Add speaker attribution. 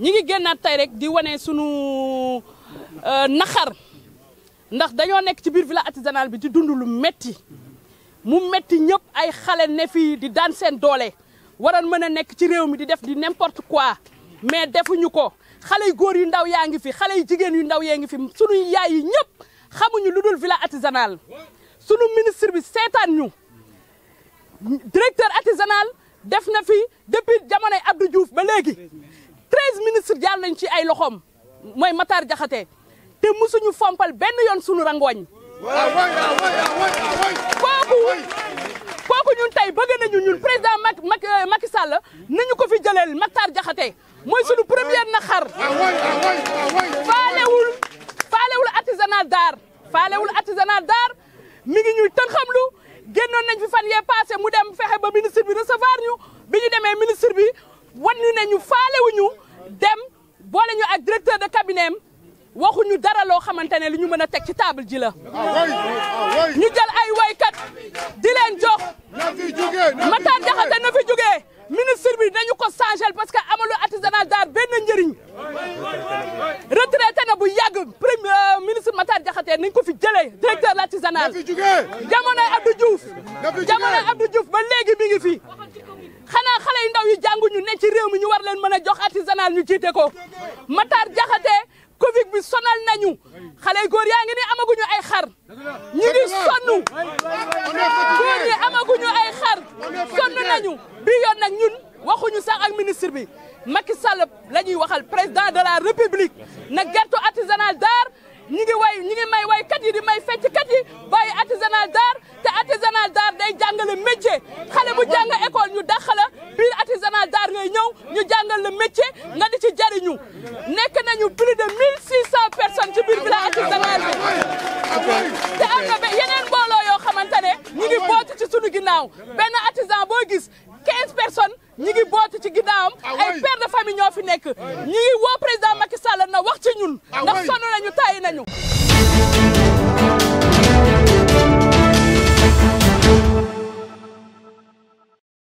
Speaker 1: ñi ngi génnaat tey rek di wane sunu euh, naxar ndax dañoo nekk ci biir village artisanal bi di dund lu metti mu metti ñëpp ay xale ne fii di daan seen doole waroon mën a nekk ci réew mi di def di n'importe quoi mais defuñu ko xale yu góor yu ndaw yaa ngi fi xale yu jigéen yu ndaw yaa ngi fi sunu yaay ñëpp xamuñu lu dul village artisanal sunu ministre bi seetaan ñu directeur artisanal def na fi depuis jamonoy Abdou Diouf ba léegi treize ministres nañ ci ay loxoom mooy Matar Jaxate te musuñu fompal benn yoon sunu rangooñ kooku kooku ñun tey bëgg nañu ñun président euh, Mack nañu ko fi jëleel Matar Jaxate mooy sunu première naxar faalewul faalewul artisanal daar faalewul artisanal daar mi ngi ñuy tën xamlu génnoon fi fan yee passé mu dem fexe ba ministre waxuñu dara loo xamante ne li ñu mën a teg ci table ji la ñu jël ay waykat di leen jox Matar Jaxate na fi jógee ministre bi nañu ko changel parce que amalu artisanal daar njëriñ retraité na bu yàgg premier euh, ministre Matar Jaxate nañ ko fi jëlee directeur l'artisanal jamonoy Abdou Diouf jamonoy Abdou Diouf ba léegi mi yu ndaw yi jànguñu ne ci réew mi ñu war mën a jox artisanal ñu jiite ko Matar Jaxate Covid bi sonal nañu xale góor yaa ngi ni amaguñu ay xar ñi di sonn góor ñi amaguñu ay xar sonn nañu bi yoon nag ñun waxuñu sax ak ministre bi Macky Sall la ñuy waxal président de la République na gerte artisanal daar ñi ngi way ñi ngi may waykat yi di may fecckat yi bàyyi artisanal daar te artisanal daar day jàngale métier xale bu jàng école ñu daxala naa daar ngay ñëw ñu jàngal la métier nga di ci jariñu nekk nañu plus de 1600 personnes ci biir village artisanal bi te am na yeneen mbooloo yoo xamante ñu ngi bootu ci sunu ginnaaw benn artisan boo gis 15 personnes ñi ngi bootu ci ginnaawam ah ay père de famille ñoo fi nekk ñi ngi woo président Macky Sall na wax ci ñun ah ndax sonn nañu tàyyi nañu